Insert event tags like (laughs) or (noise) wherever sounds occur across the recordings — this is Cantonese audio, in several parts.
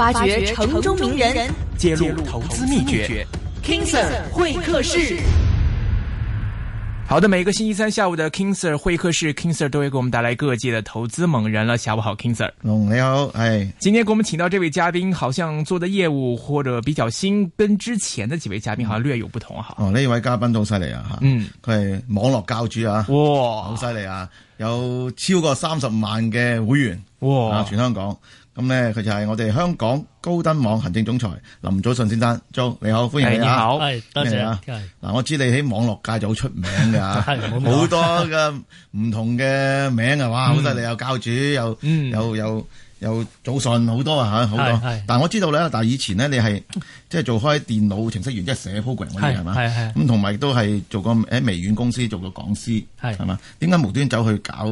發掘城中名人，揭露投資秘訣。King Sir, King Sir 會客室。好的，每個星期三下午的 King Sir 會客室，King Sir 都會給我們帶來各界的投資猛人了。下午好，King Sir。你好，哎。今天給我們請到這位嘉賓，好像做的業務或者比較新，跟之前的幾位嘉賓好像略有不同，哈。哦，呢位嘉賓好犀利啊！哈，嗯，佢係網絡教主啊。哇、哦，好犀利啊！有超過三十萬嘅會員，哇、哦啊，全香港。咁呢，佢就係我哋香港高登網行政總裁林祖舜先生，Jo 你好，歡迎你啊！好，多謝啊！嗱，我知你喺網絡界就好出名噶，好 (laughs) 多嘅唔同嘅名啊，哇 (laughs) 厲害，好多你又教主又 (laughs) 又又又祖舜好多啊，好多。多但係我知道咧，但係以前呢，你係即係做開電腦程式員，即係寫 program 嗰啲係嘛？係係咁，同埋都係做個喺微軟公司做個講師係嘛？點解無端走去搞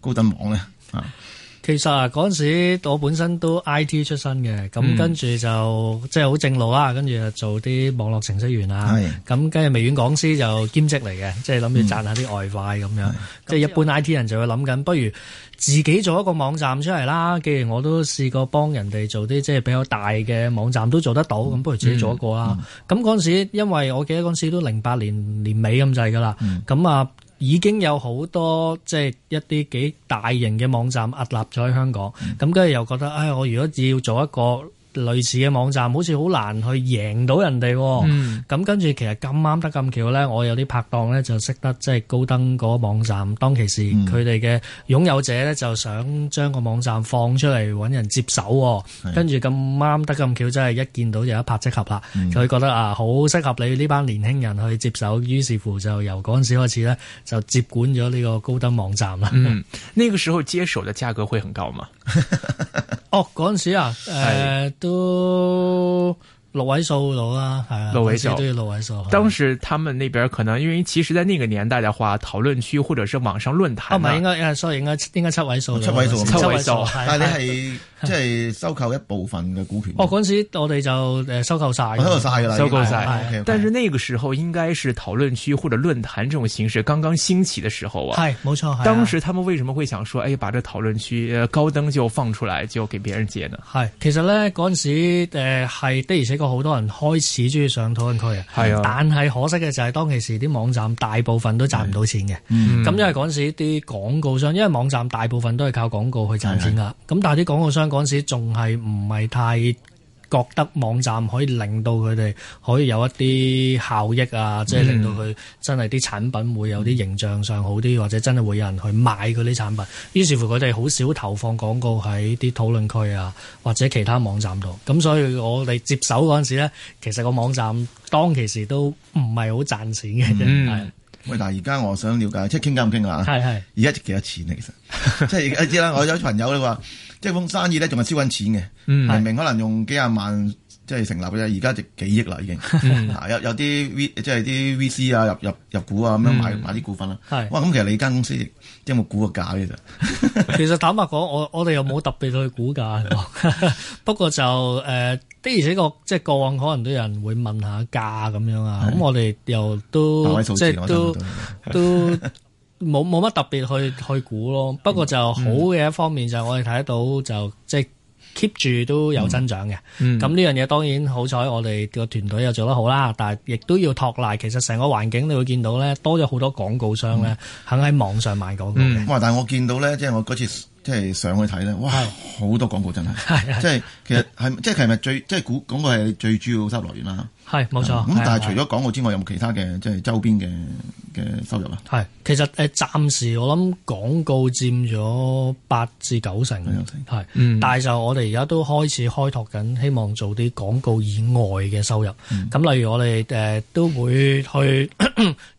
高登網咧？啊！ (laughs) 其實啊，嗰陣時我本身都 I T 出身嘅，咁跟住就即係好正路啦，跟住就做啲網絡程式員啊，咁跟住微軟講師就兼職嚟嘅，即係諗住賺下啲外快咁樣。嗯、即係一般 I T 人就會諗緊，不如自己做一個網站出嚟啦。既然我都試過幫人哋做啲即係比較大嘅網站都做得到，咁不如自己做一個啦。咁嗰陣時，因為我記得嗰陣時都零八年年尾咁滯噶啦，咁、嗯、啊。已經有好多即係一啲幾大型嘅網站屹立咗喺香港，咁跟住又覺得，唉，我如果只要做一個類似嘅網站好似好難去贏到人哋，哦，咁、嗯、跟住其實咁啱得咁巧咧，我有啲拍檔咧就識得即係高登嗰個網站。當其時佢哋嘅擁有者咧就想將個網站放出嚟揾人接手，哦嗯，跟住咁啱得咁巧，真係一見到就一拍即合啦。佢、嗯、覺得啊，好適合你呢班年輕人去接手，於是乎就由嗰陣時開始咧就接管咗呢個高登網站啦。嗯，那個時候接手嘅價格會很高嗎？ (laughs) 哦，嗰陣時啊，呃都六位數老啦，係啊，六位數都要六位數。當時他們那邊可能因為，其實，在那個年代的話，討論區或者是網上論壇，唔、哦、係應該 sorry 應該應該，應該七，位，七位，七位數，七位數，七位數，位數 (laughs) 但係你係。即係收購一部分嘅股權。哦，嗰陣時我哋就誒收購晒、哦，收購晒。是是 okay, 但是那個時候應該是討論區或者論壇這種形式剛剛興起的時候啊。係，冇錯。當時他們為什麼會想說，誒、啊哎，把這討論區高登就放出來就給別人接呢？係，其實呢嗰陣時誒係的而且確好多人開始中意上討論區啊。係啊。但係可惜嘅就係當其時啲網站大部分都賺唔到錢嘅。嗯。咁因為嗰陣時啲廣告商，因為網站大部分都係靠廣告去賺錢㗎。咁但係啲廣告商。嗰陣時仲係唔係太覺得網站可以令到佢哋可以有一啲效益啊、嗯？即係令到佢真係啲產品會有啲形象上好啲、嗯，或者真係會有人去買佢啲產品。於是乎佢哋好少投放廣告喺啲討論區啊，或者其他網站度。咁所以我哋接手嗰陣時咧，其實個網站當其時都唔係好賺錢嘅。嗯，喂，但而家我想了解，即係傾交唔傾啊？係係。而家值幾多錢？其實 (laughs) 即係你知啦，我有朋友你話。即係封生意咧，仲係燒緊錢嘅，明明可能用幾廿萬，即係成立嘅啫，而家值幾億啦已經。有有啲 V 即係啲 VC 啊，入入入股啊，咁樣買、嗯、買啲股份啦。係，哇！咁其實你間公司即係有冇估個價咧就，其實坦白講，我我哋又冇特別去估價 (laughs) (laughs) 不過就誒、呃、的而且確，即係過往可能都有人會問下價咁樣啊。咁我哋又都即係都都。都都 (laughs) 冇冇乜特別去去估咯，不過就好嘅一方面、嗯、就我哋睇得到就即係、就是、keep 住都有增長嘅。咁、嗯、呢、嗯、樣嘢當然好彩，我哋個團隊又做得好啦。但係亦都要托賴，其實成個環境你會見到咧，多咗好多廣告商咧、嗯，肯喺網上賣廣、那、告、個嗯嗯。哇！但係我見到咧，即、就、係、是、我嗰次即係、就是、上去睇咧，哇！好多廣告真係，即係。係，即係其實是、就是、最即係廣告係最主要的收入來源啦。係，冇錯。咁、嗯、但係除咗廣告之外，有冇其他嘅即係周邊嘅嘅收入啊？係，其實誒，暫、呃、時我諗廣告佔咗八至九成，係、嗯，但係就我哋而家都開始開拓緊，希望做啲廣告以外嘅收入。咁、嗯、例如我哋誒、呃、都會去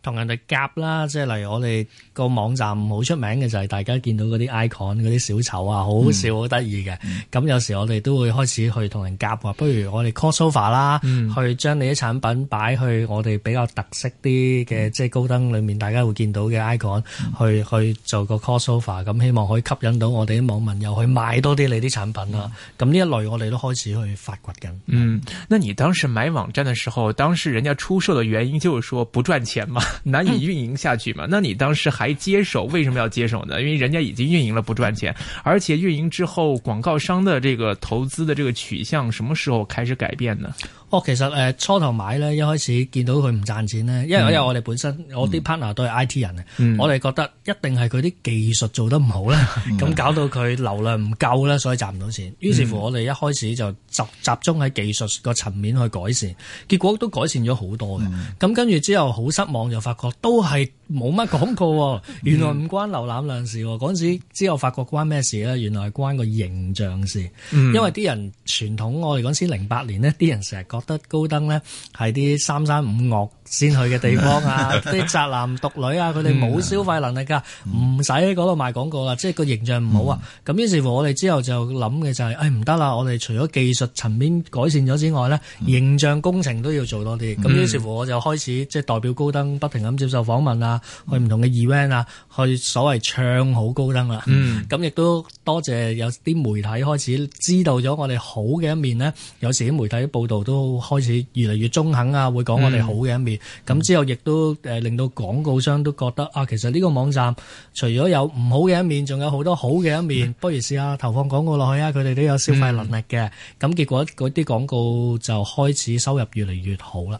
同人哋夾啦，即、就、係、是、例如我哋個網站好出名嘅就係大家見到嗰啲 icon 嗰啲小丑啊，好笑好得意嘅。咁、嗯、有，有時候我哋都會開。開始去同人夾啊，不如我哋 crossover 啦、嗯，去將你啲產品擺去我哋比較特色啲嘅，即係高登裏面，大家會見到嘅 icon 去去做個 crossover，咁希望可以吸引到我哋啲網民，又去買多啲你啲產品啦。咁呢一類我哋都開始去發掘緊。嗯，那你當時買網站的時候，當時人家出售的原因就是說不賺錢嘛，難以運營下去嘛？ (laughs) 那你當時還接手，為什麼要接手呢？因為人家已經運營了，不賺錢，而且運營之後廣告商的這個投資。的這個取向什麼時候開始改變呢？我其實誒初頭買咧，一開始見到佢唔賺錢咧，因為因為我哋本身、嗯、我啲 partner 都係 I T 人啊、嗯，我哋覺得一定係佢啲技術做得唔好啦，咁、嗯、 (laughs) 搞到佢流量唔夠啦，所以賺唔到錢。於是乎我哋一開始就集集中喺技術個層面去改善，結果都改善咗好多嘅。咁、嗯、跟住之後好失望，就發覺都係冇乜廣告，原來唔關瀏覽量事。嗰、嗯、陣時之後發覺關咩事咧？原來係關個形象事、嗯，因為啲人傳統我哋嗰陣時零八年呢，啲人成日覺得高登咧，係啲三山五岳先去嘅地方啊，啲 (laughs) 宅男毒女啊，佢哋冇消費能力噶，唔使喺嗰度賣廣告啦、嗯，即係個形象唔好啊。咁、嗯、於是乎，我哋之後就諗嘅就係誒唔得啦，我哋除咗技術層面改善咗之外咧、嗯，形象工程都要做多啲。咁、嗯、於是乎，我就開始即係代表高登，不停咁接受訪問啊，嗯、去唔同嘅 event 啊，去所謂唱好高登啦、啊。嗯，咁亦都多謝有啲媒體開始知道咗我哋好嘅一面咧，有時啲媒體報道都。開始越嚟越中肯啊，會講我哋好嘅一面，咁、嗯、之後亦都誒令到廣告商都覺得啊，其實呢個網站除咗有唔好嘅一面，仲有好多好嘅一面，嗯、不如試下投放廣告落去啊，佢哋都有消費能力嘅，咁、嗯、結果嗰啲廣告就開始收入越嚟越好啦。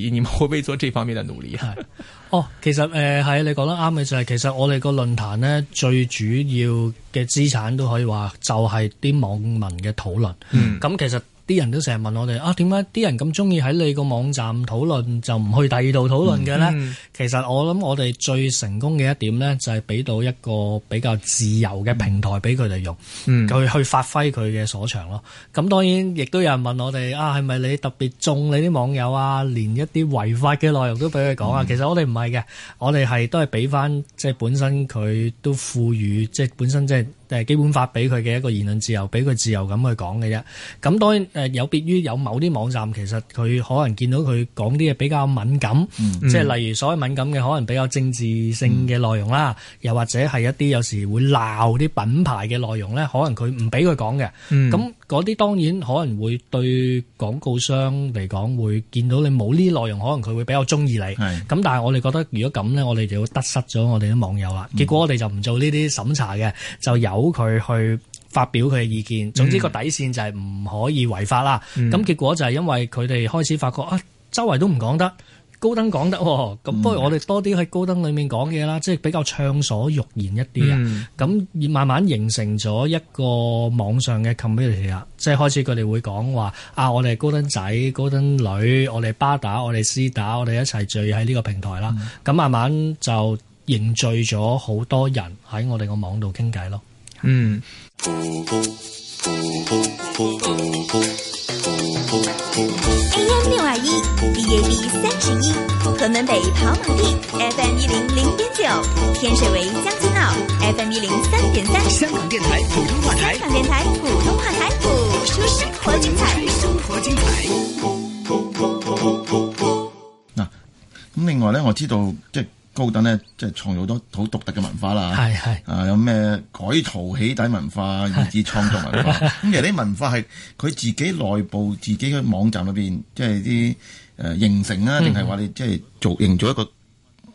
你們會唔會做這方面的努力？係哦，其實誒，係、呃、你講得啱嘅就係、是，其實我哋個論壇呢，最主要嘅資產都可以話就係啲網民嘅討論。嗯，咁其實。啲人都成日問我哋啊，點解啲人咁鍾意喺你個網站討論，就唔去第二度討論嘅咧、嗯嗯？其實我諗我哋最成功嘅一點咧，就係俾到一個比較自由嘅平台俾佢哋用，佢、嗯、去發揮佢嘅所長咯。咁當然亦都有人問我哋啊，係咪你特別縱你啲網友啊？連一啲違法嘅內容都俾佢講啊？其實我哋唔係嘅，我哋係都係俾翻，即係本身佢都賦予，即係本身即係。誒基本法俾佢嘅一個言論自由，俾佢自由咁去講嘅啫。咁當然誒有別於有某啲網站，其實佢可能見到佢講啲嘢比較敏感，即係例如所謂敏感嘅可能比較政治性嘅內容啦，又或者係一啲有時會鬧啲品牌嘅內容咧，可能佢唔俾佢講嘅。咁嗰啲當然可能會對廣告商嚟講會見到你冇呢啲內容，可能佢會比較中意你。咁但係我哋覺得如果咁咧，我哋就會得失咗我哋啲網友啦。結果我哋就唔做呢啲審查嘅，就有。好佢去發表佢嘅意見，嗯、總之個底線就係唔可以違法啦。咁、嗯、結果就係因為佢哋開始發覺啊，周圍都唔講得，高登講得、哦、咁、嗯、不如我哋多啲喺高登裏面講嘢啦，即、嗯、係、就是、比較暢所欲言一啲啊。咁、嗯、慢慢形成咗一個網上嘅 community 啊、嗯、即、就、係、是、開始佢哋會講話啊，我哋係高登仔、高登女，我哋巴打、我哋絲打，我哋一齊聚喺呢個平台啦。咁、嗯、慢慢就凝聚咗好多人喺我哋個網度傾偈咯。嗯。AM 六二一，B A B 三十一，屯門北跑馬地，FM 一零零點九，天水圍將軍澳，FM 一零三點三。香港電台普通話台。香港電台普通話台。出生活精彩。生活精彩。嗱，咁另外咧，我知道即。就是高登咧，即係創造咗好多好獨特嘅文化啦。係係啊，有咩改圖起底文化、以至創作文化。咁其實啲文化係佢自己內部、 (laughs) 自己嘅網站裏面，即係啲誒形成啊，定係話你即係做，營造一個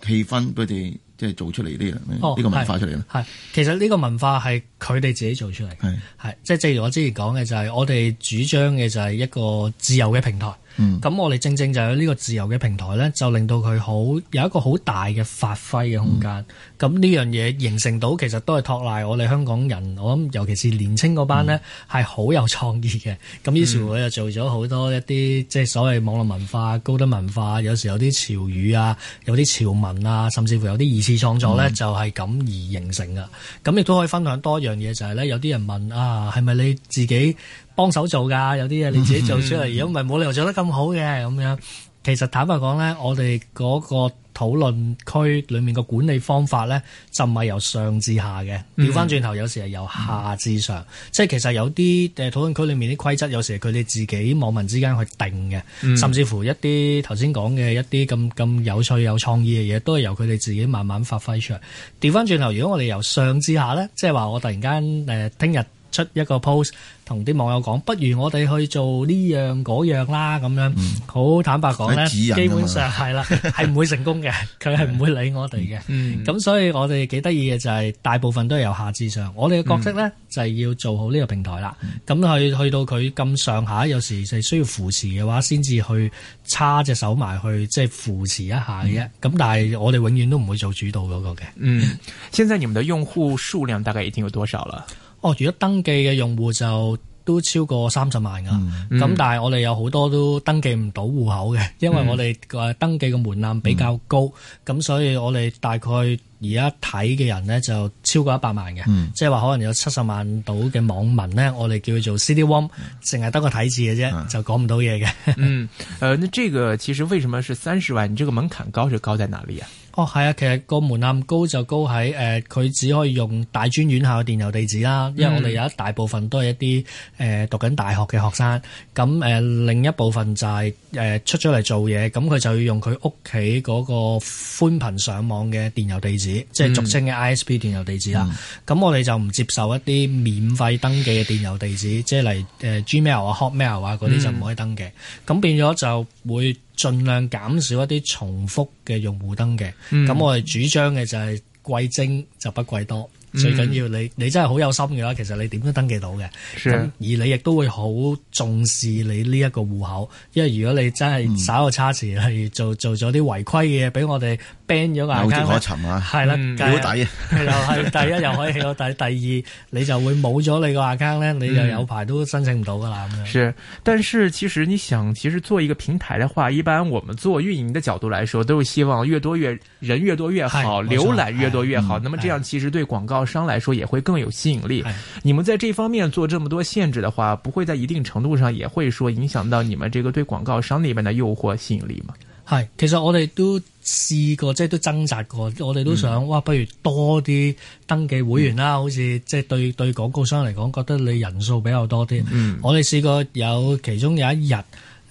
氣氛，佢哋即係做出嚟啲呢個文化出嚟咯。係，其實呢個文化係佢哋自己做出嚟。係係，即係正如我之前講嘅，就係、是、我哋主張嘅就係一個自由嘅平台。咁、嗯、我哋正正就喺呢個自由嘅平台咧，就令到佢好有一個好大嘅發揮嘅空間、嗯。咁呢樣嘢形成到，其實都係托賴我哋香港人。我諗，尤其是年青嗰班呢，係、嗯、好有創意嘅。咁於是乎佢又做咗好多一啲，即係所謂網絡文化、高登文化，有時有啲潮語啊，有啲潮文啊，甚至乎有啲二次創作呢、嗯，就係、是、咁而形成嘅。咁亦都可以分享多樣嘢，就係呢：有啲人問啊，係咪你自己幫手做㗎？有啲嘢你自己做出嚟，如果唔係冇理由做得咁好嘅咁樣。其實坦白講呢，我哋嗰、那個。討論區裏面嘅管理方法呢，就唔係由上至下嘅。調翻轉頭，有時係由下至上，mm -hmm. 即係其實有啲嘅討論區裏面啲規則，有時係佢哋自己網民之間去定嘅，甚至乎一啲頭先講嘅一啲咁咁有趣有創意嘅嘢，都係由佢哋自己慢慢發揮出嚟。調翻轉頭，如果我哋由上至下呢，即係話我突然間誒聽日。呃出一個 post 同啲網友講，不如我哋去做呢樣嗰樣啦，咁樣好、嗯、坦白講咧，基本上係啦，係 (laughs) 唔會成功嘅，佢係唔會理我哋嘅。咁、嗯、所以我哋幾得意嘅就係、是、大部分都係由下至上，我哋嘅角色咧、嗯、就係、是、要做好呢個平台啦。咁、嗯、去去到佢咁上下，有時係需要扶持嘅話，先至去叉隻手埋去即係、就是、扶持一下嘅啫。咁、嗯、但係我哋永遠都唔會做主導嗰個嘅。嗯，現在你們的用戶數量大概已經有多少啦？哦，如果登記嘅用戶就都超過三十萬㗎，咁、嗯、但係我哋有好多都登記唔到戶口嘅、嗯，因為我哋誒登記嘅門檻比較高，咁、嗯、所以我哋大概而家睇嘅人咧就超過一百萬嘅，即係話可能有七十萬度嘅網民咧，我哋叫做 CD-ROM，淨係得個睇字嘅啫、啊，就講唔到嘢嘅。嗯，誒，那這個其實為什麼是三十萬？你這個門檻高，就高在哪裏啊？哦，係啊，其實個門檻高就高喺誒，佢、呃、只可以用大專院校嘅電郵地址啦，因為我哋有一大部分都係一啲誒、呃、讀緊大學嘅學生，咁誒、呃、另一部分就係、是、誒、呃、出咗嚟做嘢，咁佢就要用佢屋企嗰個寬頻上網嘅電郵地址，即係俗稱嘅 ISP 電郵地址啦。咁、嗯、我哋就唔接受一啲免費登記嘅電郵地址，嗯、即係嚟誒 Gmail 啊、Hotmail 啊嗰啲就唔可以登記，咁、嗯、變咗就會。盡量減少一啲重複嘅用戶登嘅，咁、嗯、我哋主張嘅就係貴精就不貴多。最緊要、嗯、你你真係好有心嘅話，其實你點都登記到嘅。咁而你亦都會好重視你呢一個戶口，因為如果你真係稍有差池，嗯、例如做做咗啲違規嘅嘢俾我哋 ban 咗個 account 有迹可尋啊！係啦，好、嗯、又係第一，第一又可以起到底，第二 (laughs) 你就會冇咗你個 account 咧，你又有排都申請唔到噶啦咁樣。是，但是其實你想，其實做一個平台嘅話，一般我們做運營的角度來說，都是希望越多越人越多越好，瀏覽越多越好、嗯。那麼這樣其實對廣告、嗯。嗯商來說也會更有吸引力。你們在這方面做這麼多限制的話，不會在一定程度上也會說影響到你們這個對廣告商裏面的誘惑吸引力嗎？係，其實我哋都試過，即係都掙扎過。我哋都想、嗯，哇，不如多啲登記會員啦、嗯，好似即係對對廣告商嚟講，覺得你人數比較多啲、嗯。我哋試過有其中有一日，誒、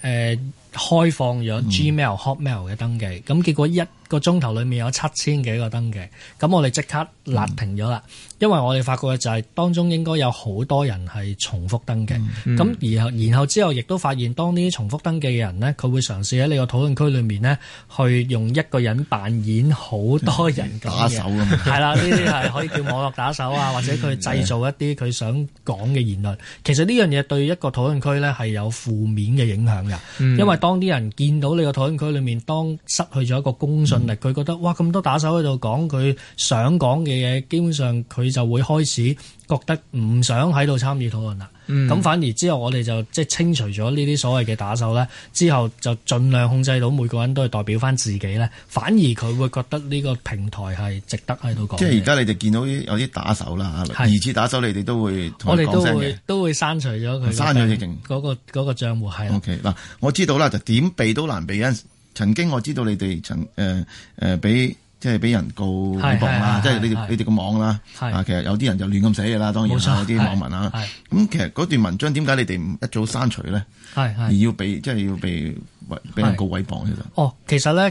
呃，開放咗 Gmail、嗯、Hotmail 嘅登記，咁結果一個鐘頭裏面有七千幾個登記，咁我哋即刻攔停咗啦。嗯。因為我哋發覺嘅就係當中應該有好多人係重複登記，咁然後然後之後亦都發現，當呢啲重複登記嘅人呢，佢會嘗試喺你個討論區裏面呢，去用一個人扮演好多人，人打手咁、啊，係 (laughs) 啦，呢啲係可以叫網絡打手啊， (laughs) 或者佢製造一啲佢想講嘅言論。其實呢樣嘢對一個討論區呢係有負面嘅影響㗎、嗯，因為當啲人見到你個討論區裏面當失去咗一個公信力，佢、嗯、覺得哇咁多打手喺度講佢想講嘅嘢，基本上佢。就會開始覺得唔想喺度參與討論啦。咁、嗯、反而之後我哋就即係清除咗呢啲所謂嘅打手咧，之後就盡量控制到每個人都係代表翻自己咧。反而佢會覺得呢個平台係值得喺度講。即係而家你哋見到有啲打手啦，二次打手你哋都會我哋都會都會刪除咗佢，刪除嗰、嗰個嗰、嗰個賬戶係。O K 嗱，我知道啦，就點避都難避因。曾經我知道你哋曾誒誒俾。呃呃即係俾人告毀謗啦，即係你哋你哋個網啦，啊其實有啲人就亂咁寫嘢啦，當然有啲網民啦。咁其實嗰段文章點解你哋唔一早刪除咧？係係，而要被即係要被俾人告毀謗。其實。哦，其實咧，誒、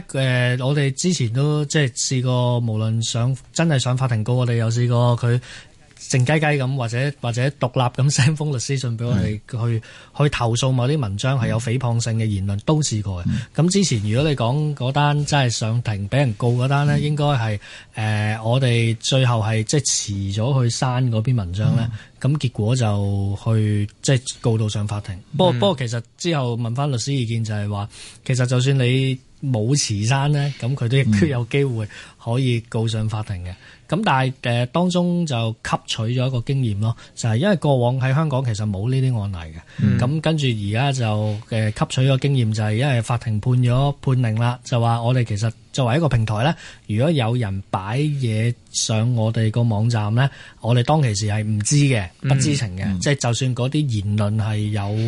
呃、我哋之前都即係試過，無論上真係上法庭告我哋，有試過佢。靜雞雞咁，或者或者獨立咁 send 封律師信俾我哋，嗯，去去投訴某啲文章係有誹謗性嘅言論，都試過嘅。咁、嗯、之前如果你講嗰單真係上庭俾人告嗰單呢，應該係誒我哋最後係即係遲咗去刪嗰篇文章呢。咁、嗯、結果就去即係、就是、告到上法庭。不過不過其實之後問翻律師意見就係話，其實就算你冇遲刪呢，咁佢都都有機會可以告上法庭嘅。嗯咁但係誒當中就吸取咗一個經驗咯，就係、是、因為過往喺香港其實冇呢啲案例嘅，咁跟住而家就誒吸取個經驗就係、是、因為法庭判咗判令啦，就話我哋其實作為一個平台呢，如果有人擺嘢上我哋個網站呢，我哋當其時係唔知嘅、不知情嘅，即、嗯、係、嗯、就算嗰啲言論係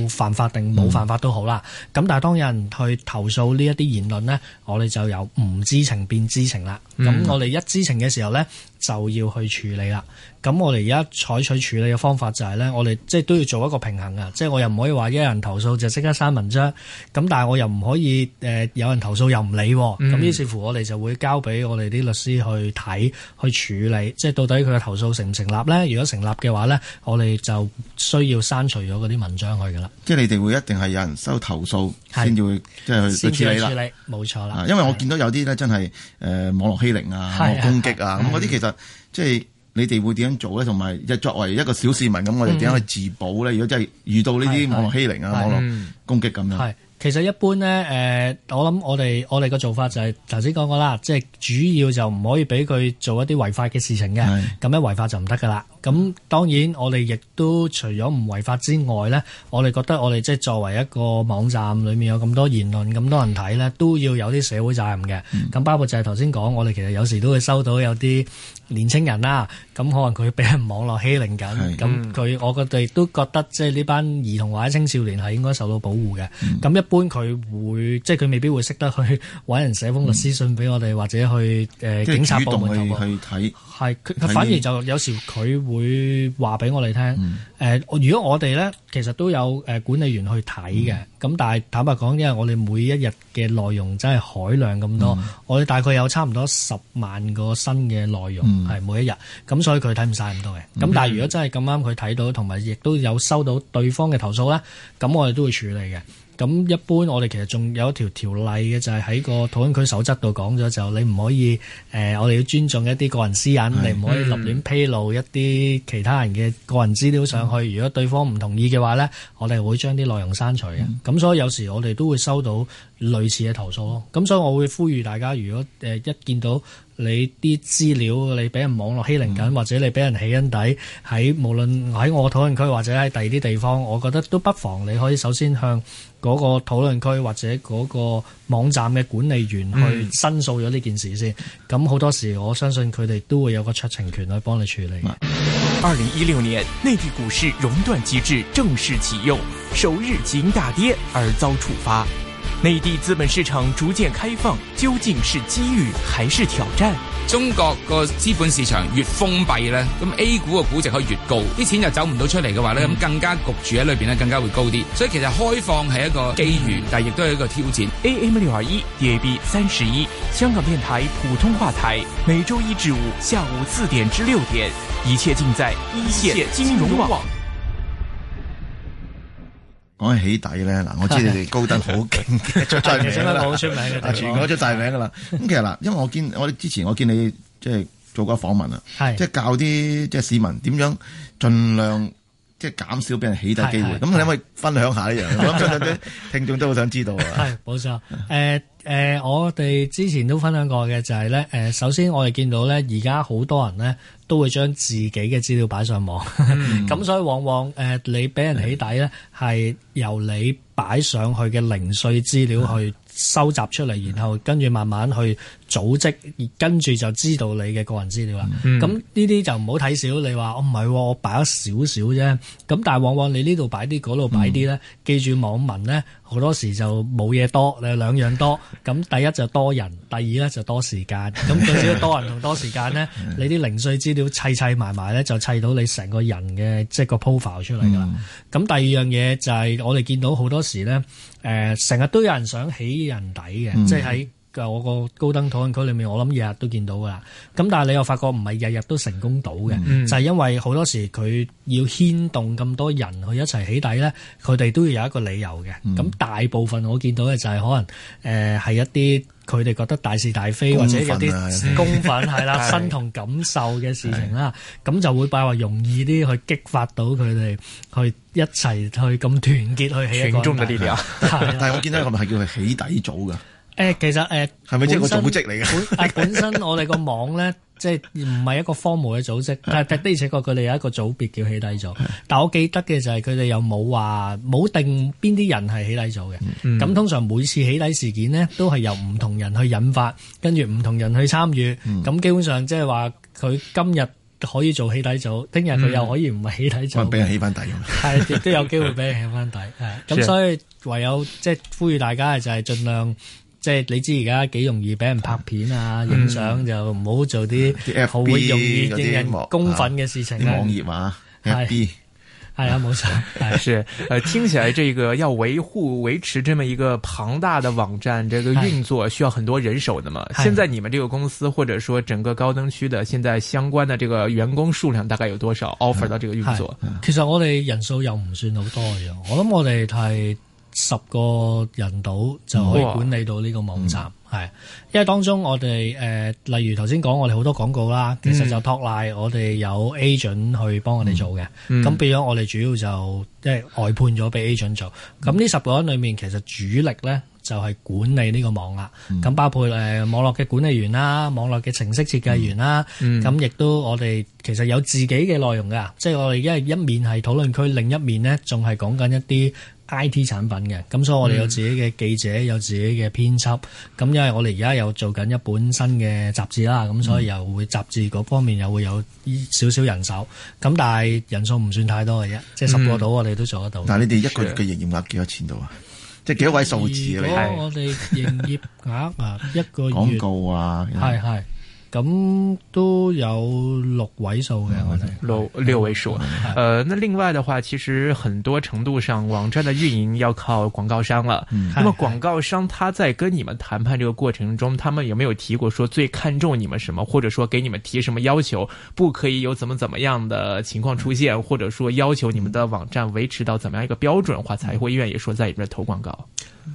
有犯法定冇犯法都好啦。咁、嗯、但係當有人去投訴呢一啲言論呢，我哋就由唔知情變知情啦。咁、嗯、我哋一知情嘅時候呢。就要去處理啦。咁我哋而家採取處理嘅方法就係、是、呢，我哋即係都要做一個平衡啊。即係我又唔可以話一人投訴就即刻刪文章，咁但係我又唔可以誒有人投訴又唔理。咁、嗯、於是乎我哋就會交俾我哋啲律師去睇去處理，即係到底佢嘅投訴成唔成立呢？如果成立嘅話呢，我哋就需要刪除咗嗰啲文章去㗎啦。即係你哋會一定係有人收投訴先至會即係去處理啦。處理，冇錯啦。因為我見到有啲呢真係誒、呃、網絡欺凌啊、網絡攻擊啊咁啲其實即係你哋會點樣做咧？同埋，即係作為一個小市民咁，我哋點樣去自保咧、嗯？如果真係遇到呢啲網絡欺凌啊、網絡攻擊咁樣，係其實一般呢，誒、呃，我諗我哋我哋個做法就係頭先講過啦，即、就、係、是、主要就唔可以俾佢做一啲違法嘅事情嘅，咁咧違法就唔得噶啦。咁當然我哋亦都除咗唔違法之外呢，我哋覺得我哋即係作為一個網站裏面有咁多言論、咁、嗯、多人睇呢，都要有啲社會責任嘅。咁、嗯、包括就係頭先講，我哋其實有時都會收到有啲。年青人啦，咁可能佢俾人網絡欺凌緊，咁佢、嗯、我哋都覺得即係呢班兒童或者青少年係應該受到保護嘅。咁、嗯、一般佢會即係佢未必會識得去揾人寫封律師信俾我哋、嗯，或者去誒警察部門去睇。係佢反而就有時佢會話俾我哋聽誒。如果我哋咧，其實都有管理員去睇嘅。咁、嗯、但係坦白講，因為我哋每一日嘅內容真係海量咁多，嗯、我哋大概有差唔多十萬個新嘅內容。嗯係每一日，咁所以佢睇唔晒咁多嘅。咁但係如果真係咁啱佢睇到，同埋亦都有收到對方嘅投訴咧，咁我哋都會處理嘅。咁一般我哋其實仲有一條條例嘅，就係喺個討論區守則度講咗，就你唔可以誒，我哋要尊重一啲個人私隱，你唔可以立亂披露一啲其他人嘅個人資料上去。如果對方唔同意嘅話呢，我哋會將啲內容刪除嘅。咁所以有時我哋都會收到。類似嘅投訴咯，咁所以我會呼籲大家，如果、呃、一見到你啲資料你俾人網絡欺凌緊、嗯，或者你俾人起恩底，喺無論喺我討論區或者喺第二啲地方，我覺得都不妨你可以首先向嗰個討論區或者嗰個網站嘅管理員去申訴咗呢件事先。咁、嗯、好多時我相信佢哋都會有個出程權去幫你處理。二零一六年，內地股市熔斷機制正式啟用，首日因大跌而遭觸發。內地資本市場逐漸開放，究竟是機遇還是挑戰？中國個資本市場越封閉呢，咁 A 股嘅估值可以越高，啲錢又走唔到出嚟嘅話呢，咁更加焗住喺裏邊呢，更加會高啲。所以其實開放係一個機遇，但亦都係一個挑戰。AM 621，D A B 三十一，香港電台普通話台，每周一至五下午四點至六點，一切盡在一線金融網。講起起底咧，嗱，我知你哋高登好勁，出大名啦，好出名嘅，全港出大名噶啦。咁其實嗱，因為我見我之前我見你即係做過訪問啊，即 (laughs) 係教啲即係市民點樣盡量即係減少俾人起底機會。咁 (laughs) 你可唔可以分享一下呢樣？咁， (laughs) 聽眾都好想知道啊。係， (laughs) 冇沒錯。誒。 (laughs) 誒、呃，我哋之前都分享過嘅就係、是、咧，誒、呃，首先我哋見到咧，而家好多人呢都會將自己嘅資料擺上網，咁、mm -hmm. 所以往往誒、呃，你俾人起底咧，係、mm -hmm. 由你擺上去嘅零碎資料去收集出嚟，mm -hmm. 然後跟住慢慢去。組織跟住就知道你嘅個人資料啦。咁呢啲就唔好睇少，你話我唔係，我擺咗少少啫。咁但係往往你呢度擺啲，嗰度擺啲咧。記住，網民咧好多時就冇嘢多，兩樣多。咁第一就多人，第二咧就多時間。咁最少多人同多時間咧， (laughs) 你啲零碎資料砌砌埋埋咧，就砌到你成個人嘅即係個 profile 出嚟㗎。咁、嗯、第二樣嘢就係、是、我哋見到好多時咧，成、呃、日都有人想起人底嘅、嗯，即係喺。個我個高登討論區裏面，我諗日日都見到噶啦。咁但係你又發覺唔係日日都成功到嘅，就係因為好多時佢要牽動咁多人去一齊起底咧，佢哋都要有一個理由嘅。咁大部分我見到嘅就係可能誒，係一啲佢哋覺得大是大非或者有啲公憤係啦，身同感受嘅事情啦，咁就會比較容易啲去激發到佢哋去一齊去咁團結去起一個。但係我見到係咪係叫佢起底組噶？誒，其實誒，係咪即係個組織嚟嘅？本誒，本身我哋個網咧，即係唔係一個 formal 嘅組織，但係的而且確佢哋有一個組別叫起底組。但係我記得嘅就係佢哋又冇話冇定邊啲人係起底組嘅。咁通常每次起底事件咧，都係由唔同人去引發，跟住唔同人去參與。咁基本上即係話佢今日可以做起底組，聽日佢又可以唔係起底組，俾人起翻底。係，亦都有機會俾人起翻底。係，咁所以唯有即係呼籲大家就係盡量。即係你知而家幾容易俾人拍片啊，影、嗯、相就唔好做啲好容易應引人公憤嘅事情啦。網頁嘛，係啊，冇、嗯嗯嗯、錯。是，呃，聽起來這個要維護 (laughs) 維持這麼一個龐大的網站，這個運作需要很多人手的嘛。現在你們這個公司，或者說整個高登區的，現在相關的這個員工數量大概有多少？offer 到這個運作？其實我哋人數又唔算好多嘅，我諗我哋係。十個人到就可以管理到呢個網站，係，因為當中我哋誒，例如頭先講我哋好多廣告啦，其實就託賴我哋有 agent 去幫我哋做嘅。咁變咗我哋主要就即係外判咗俾 agent 做。咁呢十個人裡面，其實主力呢就係管理呢個網啦。咁包括誒，網絡嘅管理員啦，網絡嘅程式設計員啦，咁亦都我哋其實有自己嘅內容噶，即係我哋一一面，係討論區，另一面呢仲係講緊一啲。I.T. 產品嘅，咁所以我哋有自己嘅記者、嗯，有自己嘅編輯，咁因為我哋而家又做緊一本新嘅雜誌啦，咁所以又會雜誌嗰方面又會有少少人手，咁但係人數唔算太多嘅啫，即係十個到我哋都做得到，嗯嗯。但係你哋一個月嘅營業額幾多錢度啊？即係幾多位數字啊你？我哋營業額啊，一個月 (laughs) 廣告啊，係係。咁都有六位數嘅，我哋六六位數， (laughs) 呃，那另外的話，其實很多程度上，網站的運營要靠廣告商啦，嗯，咁 (laughs) 麼廣告商他在跟你們談判這個過程中， (laughs) 他們有沒有提過說最看重你們什麼，或者說給你們提什麼要求？不可以有怎麼怎麼樣的情況出現， (laughs) 或者說要求你們的網站維持到怎麼樣一個標準話，才會願意說在裏面投廣告？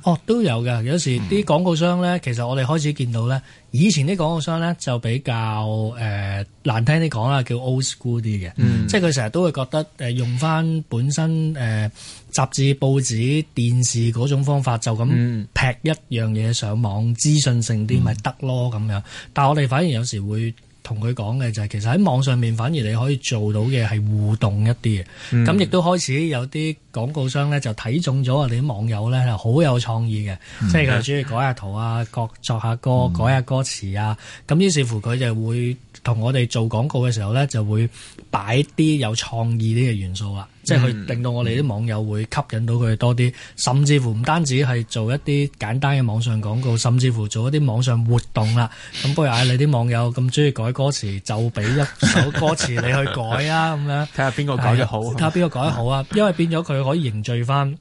哦，都有㗎。有時啲廣告商咧、嗯，其實我哋開始見到咧，以前啲廣告商咧就比較誒、呃、難聽啲講啦，叫 old school 啲嘅、嗯，即係佢成日都會覺得用翻本身誒、呃、雜誌、報紙、電視嗰種方法，就咁劈一樣嘢上網、嗯，資訊性啲咪得咯咁樣。但我哋反而有時會同佢講嘅就係其實喺網上面，反而你可以做到嘅係互動一啲嘅，咁亦都開始有啲廣告商咧就睇中咗我哋啲網友咧係好有創意嘅、嗯，即係佢鍾意改下圖啊，作下歌、改下歌詞啊，咁、嗯、於是乎佢就會同我哋做廣告嘅時候咧就會擺啲有創意啲嘅元素啦。嗯、即係去令到我哋啲網友會吸引到佢多啲，甚至乎唔單止係做一啲簡單嘅網上廣告，甚至乎做一啲網上活動啦。咁 (laughs) 不如嗌你啲網友咁中意改歌詞，就俾一首歌詞你去改啊！咁 (laughs) 樣睇下邊個改得好，睇下邊個改得好啊！ (laughs) 因為變咗佢可以凝聚翻。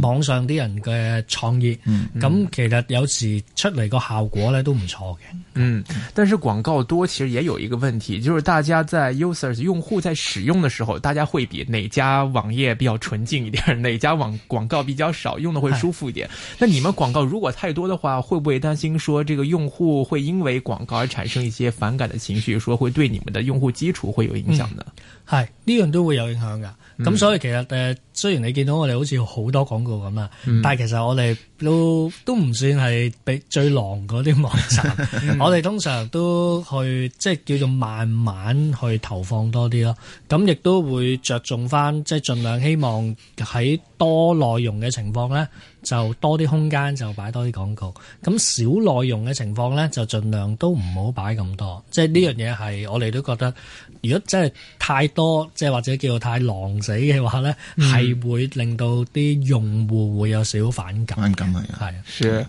網上啲人嘅創意，咁、嗯、其實有時出嚟個效果呢都唔錯嘅。嗯，但是廣告多其實也有一個問題，就是大家在 users 用戶在使用嘅時候，大家會比哪家網頁比較純淨一點，哪家網廣告比較少，用得會舒服一點。那你們廣告如果太多嘅話，會不會擔心說，這個用戶會因為廣告而產生一些反感的情緒，說會對你們的用戶基礎會有影響呢？係、嗯、呢樣都會有影響噶。咁、嗯、所以其實誒、呃，雖然你見到我哋好似有好多廣廣告咁，但係其實我哋都都唔算係比最狼嗰啲網站， (laughs) 我哋通常都去即係、就是、叫做慢慢去投放多啲咯。咁亦都會着重翻，即係盡量希望喺多內容嘅情況呢，就多啲空間就擺多啲廣告。咁少內容嘅情況呢，就盡量都唔好擺咁多。即係呢樣嘢係我哋都覺得。如果真係太多，即係或者叫做太狼死嘅話咧，係、嗯、會令到啲用戶會有少少反感。反感啊，啊，是，是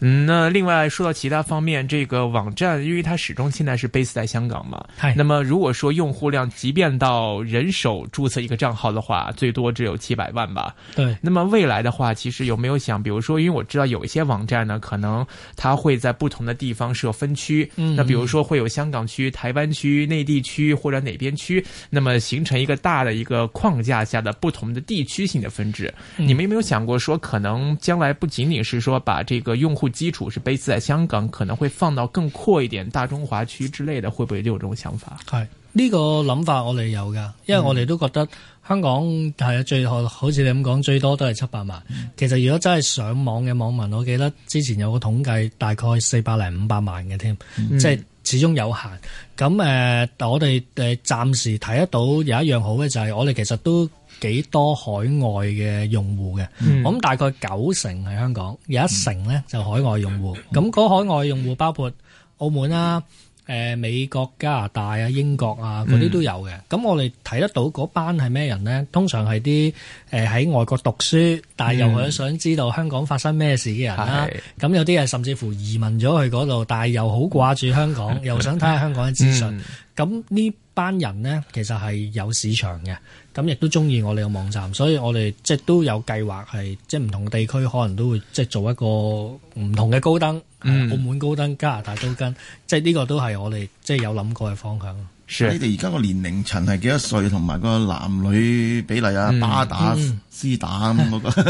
嗯。嗯，那另外，說到其他方面，這個網站，因為它始終現在是 base 在香港嘛，係。那麼如果說用戶量，即便到人手注冊一個賬號的話，最多只有七百萬吧。對。那麼未來的話，其實有沒有想，比如說因為我知道有一些網站呢，可能它會在不同的地方設分區。嗯，嗯。那比如說會有香港區、台灣區、內地區，或者。哪邊區？那麼形成，一個大的一個框架下的不同的地區性的分支，你們有沒有想過說可能將來不僅僅是說把這個用戶基礎是 base 在香港，可能會放到更闊一點大中華區之類的，會不會有這種想法？係呢個諗法我哋有噶，因為我哋都覺得香港係啊，最好好似你咁講，最多都係七百萬。其實如果真係上網嘅網民，我記得之前有個統計，大概四百零五百萬嘅添，即、嗯、係。就是始終有限，咁誒、呃，我哋誒暫時睇得到有一樣好嘅就係、是、我哋其實都幾多海外嘅用戶嘅，咁、嗯、大概九成係香港，有一成呢就海外用戶，咁、嗯、嗰、那個、海外用戶包括澳門啦、啊。誒、呃，美國、加拿大啊、英國啊嗰啲都有嘅。咁、嗯、我哋睇得到嗰班係咩人呢？通常係啲誒喺外國讀書，但係又想知道香港發生咩事嘅人啦。咁、嗯、有啲係甚至乎移民咗去嗰度，但係又好掛住香港，又想睇下香港嘅資訊。咁、嗯、呢班人呢，其實係有市場嘅。咁亦都中意我哋嘅網站，所以我哋即係都有計劃係，即係唔同地區可能都會即係做一個唔同嘅高登。嗯，澳門高登、加拿大高登，即係呢個都係我哋即係有諗過嘅方向。Sure. 你哋而家個年齡層係幾多歲？同埋個男女比例啊、mm. 巴打、mm. 斯打咁、嗰個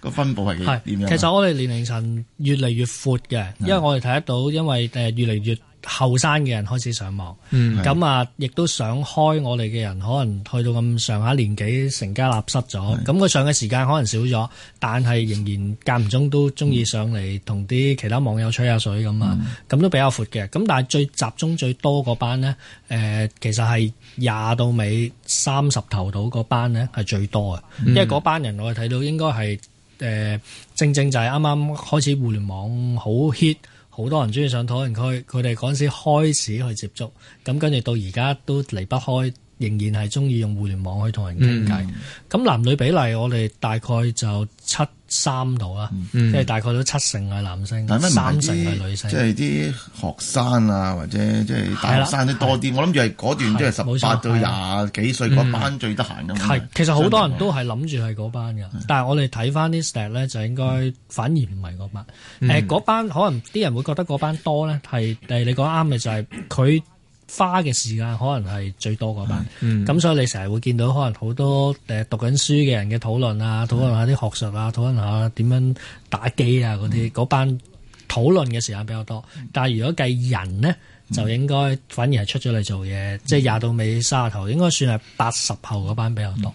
個 (laughs) (laughs) 分佈係點樣？是，其實我哋年齡層越嚟越闊嘅，因為我哋睇得到，因為誒越嚟越。後生嘅人開始上網，咁、嗯、啊，亦都想開我哋嘅人，可能去到咁上下年紀，成家立室咗，咁佢上嘅時間可能少咗，但係仍然間唔中都中意上嚟同啲其他網友吹下水咁啊，咁、嗯、都比較闊嘅。咁但係最集中最多嗰班呢、呃，其實係廿到尾三十頭到嗰班呢，係最多嘅、嗯，因為嗰班人我哋睇到應該係誒、呃、正正就係啱啱開始互聯網好 hit 好多人中意上討論區，佢哋嗰陣時開始去接觸，咁跟住到而家都離不開。仍然係中意用互聯網去同人傾偈。咁、嗯、男女比例我哋大概就七三度啦、嗯嗯，即係大概都七成係男性，但是是三成係女性。即係啲學生啊，或者即係大學生都多啲。我諗住係嗰段即係十八到廿幾歲嗰班最得閒咁。係，其實好多人都係諗住係嗰班㗎。但係我哋睇翻啲 stat 咧，就應該反而唔係嗰班。嗰、嗯欸、班可能啲人會覺得嗰班多咧，係、嗯、你講啱嘅就係佢。花嘅時間可能係最多嗰班，咁、嗯、所以你成日會見到可能好多誒讀緊書嘅人嘅討論啊，討論下啲學術啊，討論下點樣打機啊嗰啲，嗰班討論嘅時間比較多。嗯、但係如果計人呢，就應該反而係出咗嚟做嘢，即係廿到尾卅頭，應該算係八十後嗰班比較多。嗯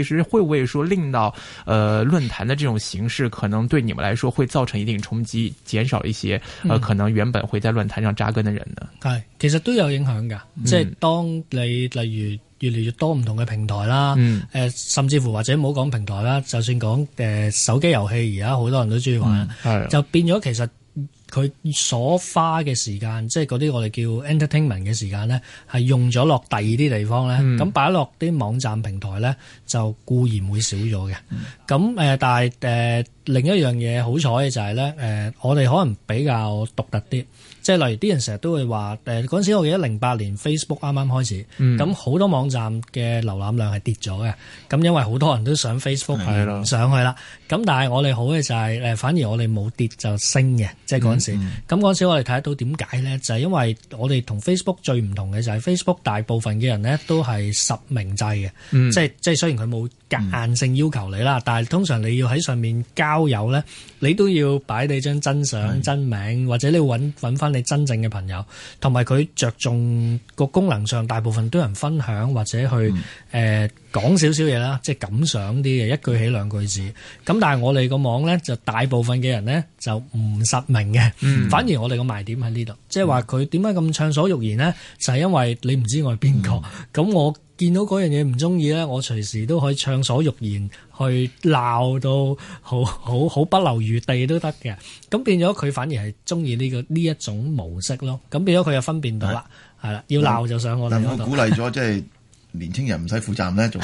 其實會唔會說令到，呃論壇的這種形式可能對你們來說會造成一定衝擊，減少一些，嗯、呃可能原本會在論壇上紮根的人呢？係，其實都有影響噶。嗯，即係當你例如越嚟越多唔同嘅平台啦，誒、嗯呃、甚至乎或者冇講平台啦，就算講誒、呃、手機遊戲，而家好多人都中意玩，係、嗯、就變咗其實。佢所花嘅時間，即係嗰啲我哋叫 entertainment 嘅時間呢，係用咗落第二啲地方呢，咁擺落啲網站平台呢，就固然會少咗嘅。咁、嗯、誒，但係誒。呃另一樣嘢好彩嘅就係、是、咧，誒、呃、我哋可能比較獨特啲，即係例如啲人成日都會話誒陣時我記得零八年 Facebook 啱啱開始，咁、嗯、好多網站嘅瀏覽量係跌咗嘅，咁因為好多人都上 Facebook 唔上去啦。咁但係我哋好嘅就係、是、誒、呃、反而我哋冇跌就升嘅，即係陣時時。咁、嗯、陣時我哋睇得到點解咧？就係、是、因為我哋同 Facebook 最唔同嘅就係 Facebook 大部分嘅人咧都係實名制嘅、嗯，即係即係雖然佢冇硬性要求你啦、嗯，但係通常你要喺上面加。交友呢，你都要擺你張真相、真名，或者你揾揾翻你真正嘅朋友，同埋佢着重個功能上，大部分都有人分享或者去誒講少少嘢啦，即係感想啲嘅，一句起兩句止。咁但係我哋個網呢，就大部分嘅人呢，就唔實名嘅、嗯，反而我哋個賣點喺呢度，即係話佢點解咁暢所欲言呢？就係、是、因為你唔知我係邊個，咁、嗯、我。見到嗰樣嘢唔中意咧，我隨時都可以暢所欲言，去鬧到好好好不留餘地都得嘅。咁變咗佢反而係中意呢個呢一種模式咯。咁變咗佢就分辨到啦，係啦，要鬧就想我嚟我鼓勵咗，即係。年青人唔使負責任咧，仲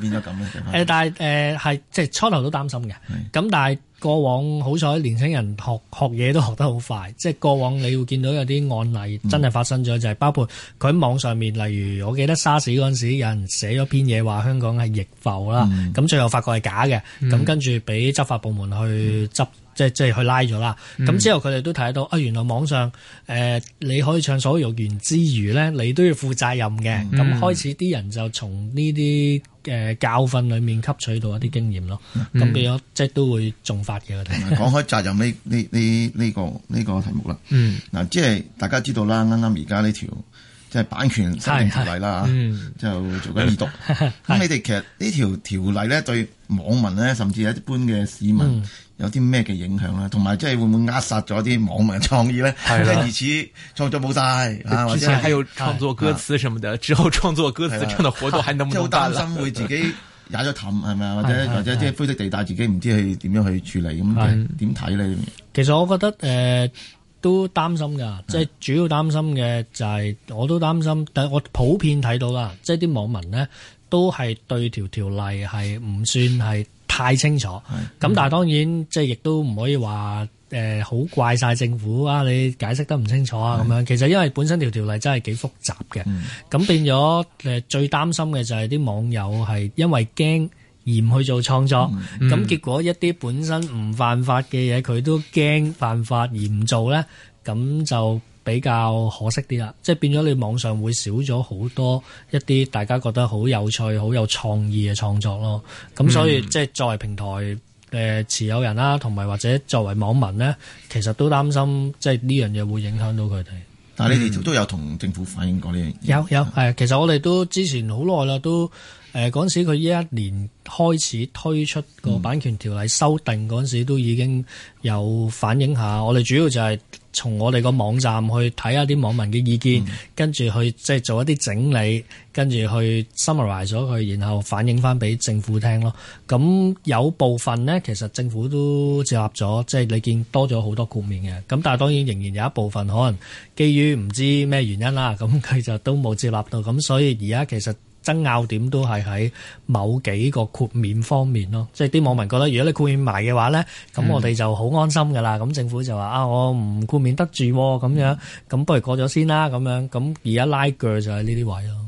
變咗咁樣？ (laughs) 但係即係初頭都擔心嘅。咁但係過往好彩，年青人學學嘢都學得好快。即、就、係、是、過往你會見到有啲案例真係發生咗，嗯，就係、是、包括佢喺網上面，例如我記得沙士嗰陣時，有人寫咗篇嘢話香港係疫埠啦，咁、嗯、最後發覺係假嘅，咁、嗯、跟住俾執法部門去執。嗯即即係去拉咗啦，咁之後佢哋都睇到、嗯、啊，原來網上誒、呃、你可以暢所欲言之餘呢，你都要負責任嘅。咁、嗯、開始啲人就從呢啲誒教訓裏面吸取到一啲經驗咯。咁變咗即係都會重罰嘅。我哋講開責任呢呢呢呢個呢、 (laughs) 呢個呢個呢個題目啦。嗱、嗯，即係大家知道啦，啱啱而家呢條即係版權新條例啦嚇，是是就做緊二讀。咁、嗯、你哋其實呢條條例呢，對網民呢，甚至一般嘅市民。嗯有啲咩嘅影響咧？同埋即係會唔會扼殺咗啲網民嘅創意咧？即係如此創作冇晒、啊啊，或者係還有創作歌詞什麼嘅、啊、之後創作歌詞呢個活動還能即係好擔心會自己踩咗氹係咪或者、啊、或者即係灰色地帶，自己唔知去點樣去處理咁嘅點睇咧？其實我覺得誒、呃、都擔心㗎，即、就、係、是、主要擔心嘅就係、是、我都擔心，但係我普遍睇到啦，即係啲網民呢，都係對條條例係唔算係。太清楚，咁但係當然即係亦都唔可以話誒好怪晒政府啊！你解釋得唔清楚啊咁樣，其實因為本身條條例真係幾複雜嘅，咁變咗誒最擔心嘅就係啲網友係因為驚而唔去做創作，咁結果一啲本身唔犯法嘅嘢佢都驚犯法而唔做呢，咁就。比較可惜啲啦，即係變咗你網上會少咗好多一啲大家覺得好有趣、好有創意嘅創作咯。咁所以、嗯、即係作為平台、呃、持有人啦，同埋或者作為網民呢，其實都擔心即係呢樣嘢會影響到佢哋。但係你哋條都有同政府反映過呢樣、嗯？有有係，其實我哋都之前好耐啦，都誒嗰、呃、陣時佢呢一年開始推出個版權條例、嗯、修訂嗰陣時，都已經有反映下。我哋主要就係、是。從我哋個網站去睇下啲網民嘅意見，嗯、跟住去即係做一啲整理，跟住去 summarize 咗佢，然後反映翻俾政府聽咯。咁有部分呢，其實政府都接納咗，即係你見多咗好多豁免嘅。咁但係當然仍然有一部分可能基於唔知咩原因啦，咁佢就都冇接納到。咁所以而家其實。爭拗點都係喺某幾個豁免方面咯，即係啲網民覺得如果你豁免埋嘅話咧，咁我哋就好安心噶啦。咁、嗯、政府就話啊，我唔豁免得住喎，咁樣咁不如過咗先啦。咁樣咁而家拉鋸就喺呢啲位咯。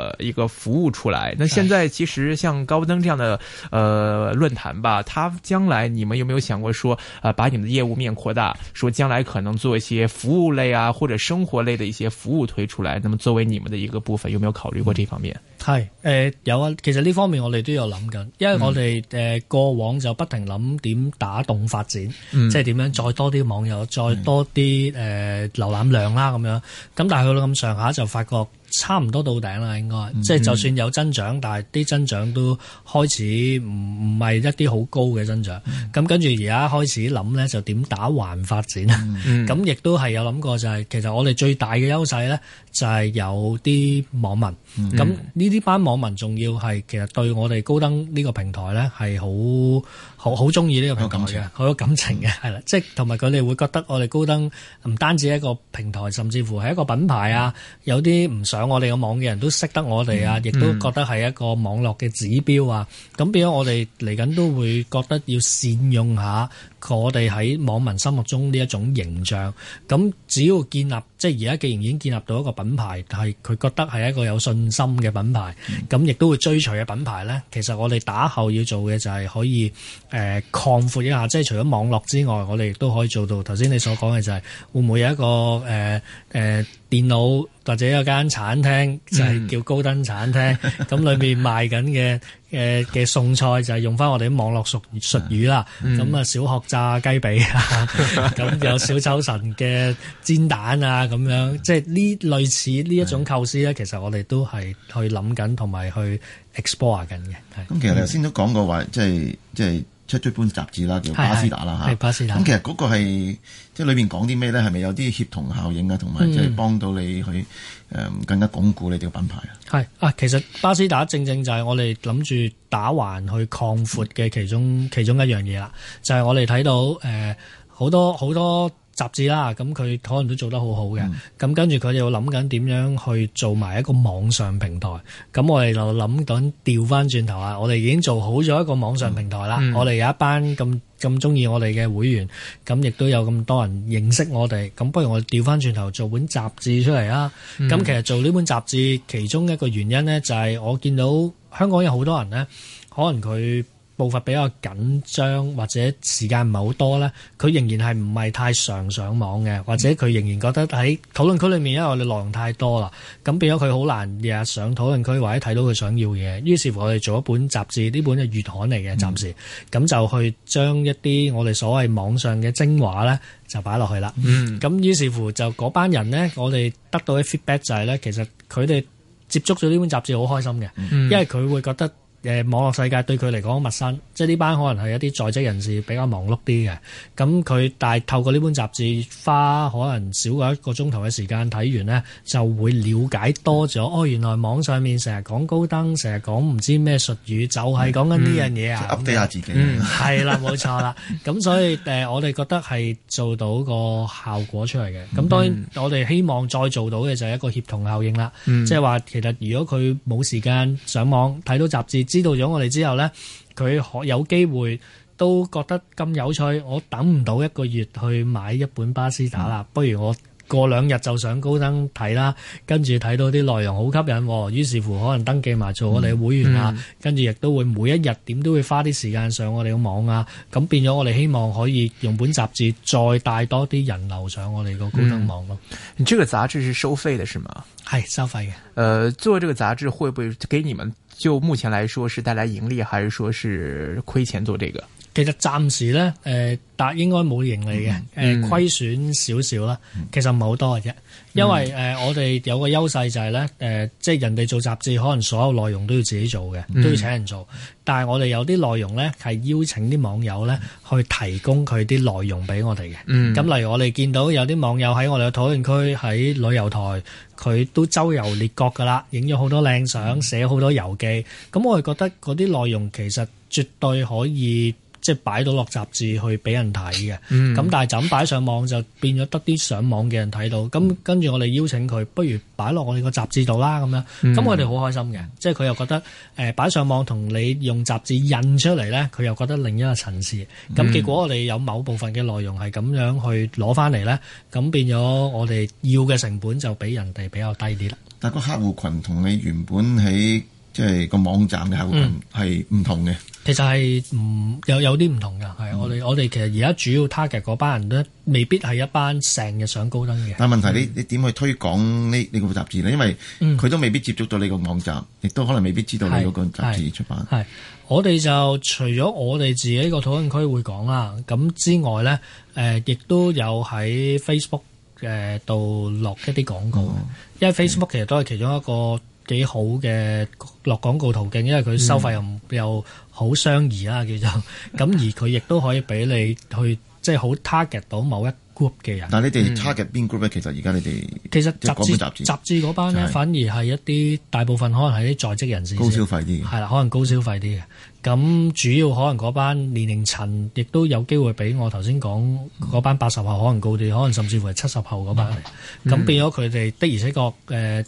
呃，一個服務出來，那現在其實像高登這樣的，呃，論壇吧，他將來你們有沒有想過說，呃，把你們的業務面擴大，說將來可能做一些服務類啊，或者生活類的一些服務推出來，那麼作為你們的一個部分，有沒有考慮過這方面？係，誒、呃，有啊，其實呢方面我哋都有諗緊，因為我哋誒、嗯呃、過往就不停諗點打動發展，嗯、即係點樣再多啲網友，再多啲誒、呃、瀏覽量啦咁樣，咁但係去到咁上下就發覺。差唔多到頂啦，應該，即係就算有增長，但係啲增長都開始唔唔係一啲好高嘅增長。咁跟住而家開始諗呢，就點打橫發展。咁亦都係有諗過就係，其實我哋最大嘅優勢呢，就係有啲網民。咁呢啲班網民仲要係其實對我哋高登呢個平台呢係好。好好中意呢個感情嘅，好有感情嘅，係啦，即係同埋佢哋會覺得我哋高登唔單止係一個平台，甚至乎係一個品牌啊。有啲唔上我哋嘅網嘅人都識得我哋啊，亦、嗯、都覺得係一個網絡嘅指標啊。咁、嗯、變咗我哋嚟緊都會覺得要善用下。我哋喺網民心目中呢一種形象，咁只要建立，即係而家既然已經建立到一個品牌，但係佢覺得係一個有信心嘅品牌，咁亦都會追隨嘅品牌呢。其實我哋打後要做嘅就係可以誒、呃、擴闊一下，即係除咗網絡之外，我哋亦都可以做到。頭先你所講嘅就係、係、會唔會有一個誒誒、呃呃、電腦？或者有間餐廳就係、是、叫高登餐廳，咁、嗯、裏面賣緊嘅嘅嘅餸菜就係用翻我哋啲網絡術術語啦，咁、嗯、啊小學炸雞髀啊，咁 (laughs) 有小丑神嘅煎蛋啊，咁樣即係呢類似呢一種構思咧、嗯，其實我哋都係去諗緊同埋去 explore 緊嘅。咁、嗯、其實你頭先都講過話，即係即係。就是出咗本雜誌啦，叫巴斯達啦嚇。係巴斯達。咁其實嗰個係即係裏面講啲咩咧？係咪有啲協同效應啊？同埋即係幫到你去誒更加鞏固你哋個品牌啊？係、嗯、啊，其實巴斯達正正就係我哋諗住打橫去擴闊嘅其中其中一樣嘢啦，就係、是、我哋睇到誒好多好多。很多雜誌啦，咁佢可能都做得好好嘅，咁、嗯、跟住佢又諗緊點樣去做埋一個網上平台，咁、嗯、我哋就諗緊調翻轉頭啊！我哋已經做好咗一個網上平台啦、嗯，我哋有一班咁咁中意我哋嘅會員，咁亦都有咁多人認識我哋，咁不如我哋調翻轉頭做本雜誌出嚟啊！咁、嗯、其實做呢本雜誌其中一個原因呢，就係、是、我見到香港有好多人呢，可能佢。步伐比較緊張，或者時間唔係好多咧，佢仍然係唔係太常上網嘅，或者佢仍然覺得喺討論區裏面，因為我哋內容太多啦，咁變咗佢好難日日上討論區或者睇到佢想要嘢。於是乎，我哋做一本雜誌，呢本係月刊嚟嘅，暫時咁就去將一啲我哋所謂網上嘅精華咧，就擺落去啦。嗯，咁於是乎就嗰班人咧，我哋得到嘅 feedback 就係咧，其實佢哋接觸咗呢本雜誌好開心嘅，因為佢會覺得。誒，網絡世界對佢嚟講陌生。即係呢班可能係一啲在職人士比較忙碌啲嘅，咁佢但係透過呢本雜誌，花可能少過一個鐘頭嘅時間睇完呢，就會瞭解多咗。哦，原來網上面成日講高登，成日講唔知咩術語，就係講緊呢樣嘢啊！update 下自己。嗯，係啦，冇錯啦。咁所以誒，我哋覺得係做到個效果出嚟嘅。咁當然，我哋希望再做到嘅就係一個協同效應啦。即係話，其實如果佢冇時間上網睇到雜誌，知道咗我哋之後呢。佢可有機會都覺得咁有趣，我等唔到一個月去買一本巴士《巴斯打》啦，不如我過兩日就上高登睇啦，跟住睇到啲內容好吸引，哦，於是乎可能登記埋做我哋會員啊，嗯嗯，跟住亦都會每一日點都會花啲時間上我哋嘅網啊，咁變咗我哋希望可以用本雜誌再帶多啲人流上我哋個高登網咯。你，嗯，呢個雜誌係收費嘅，係嘛？係收費嘅。誒，呃，做這個雜誌會不會給你們？就目前來說，是帶來盈利，還是說是虧錢做這個？其實暫時呢，呃。應該冇盈利嘅，誒、嗯，虧、嗯、損少少啦。其實唔係好多嘅啫，因為誒、嗯呃，我哋有個優勢就係、是、咧，誒、呃，即係人哋做雜誌可能所有內容都要自己做嘅、嗯，都要請人做。但係我哋有啲內容咧係邀請啲網友咧去提供佢啲內容俾我哋嘅。咁、嗯、例如我哋見到有啲網友喺我哋嘅討論區，喺旅遊台，佢都周遊列國噶啦，影咗好多靚相，寫好多遊記。咁我哋覺得嗰啲內容其實絕對可以。即係擺到落雜誌去俾人睇嘅，咁、嗯、但係就咁擺上網就變咗得啲上網嘅人睇到，咁、嗯、跟住我哋邀請佢，不如擺落我哋個雜誌度啦咁樣，咁我哋好開心嘅，即係佢又覺得誒擺、呃、上網同你用雜誌印出嚟呢，佢又覺得另一個層次，咁、嗯、結果我哋有某部分嘅內容係咁樣去攞翻嚟呢，咁變咗我哋要嘅成本就比人哋比較低啲啦。但個客戶群同你原本喺即係個網站嘅客戶群係唔同嘅。嗯其實係唔有有啲唔同㗎。係、嗯、我哋我哋其實而家主要 target 嗰班人都未必係一班成日上高登嘅。但係問題你、嗯、你點去推廣呢呢個雜誌咧？因為佢都未必接觸到你個網站，亦都可能未必知道你嗰個雜誌出版。係我哋就除咗我哋自己個討論區會講啦，咁之外咧，誒、呃、亦都有喺 Facebook 嘅度落一啲廣告、嗯，因為 Facebook 其實都係其中一個。幾好嘅落廣告途徑，因為佢收費又、嗯、又好相宜啦，叫做咁而佢亦都可以俾你去即係好 target 到某一 group 嘅人。但係你哋 target 邊 group 咧？其實而家你哋其實雜誌雜誌雜誌嗰班呢，反而係一啲、就係，大部分可能係啲在職人士高消費啲，係啦，可能高消費啲嘅。咁、嗯、主要可能嗰班年齡層亦都有機會俾我頭先講嗰班八十後可能高啲，可能甚至乎係七十後嗰班。咁、嗯、變咗佢哋的而且確誒。呃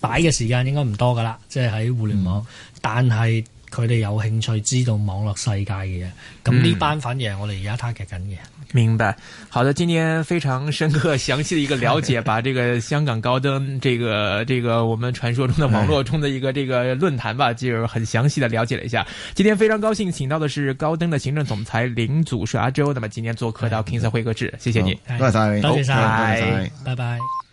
擺嘅時間應該唔多噶啦，即係喺互聯網，嗯、但係佢哋有興趣知道網絡世界嘅嘢，咁、嗯、呢班反而係我哋而家 target 緊嘅。明白，好的，今天非常深刻、詳細嘅一個了解， (laughs) 把這個香港高登，這個、這個我們傳說中的網絡中的一個這個論壇吧， (laughs) 就很詳細嘅了解了一下。今天非常高興請到的是高登的行政總裁林祖舜阿周，那 (laughs) 麼今天做客到 King Sir (laughs) 會客室，謝謝你，多謝晒。多謝晒，拜拜。拜拜拜拜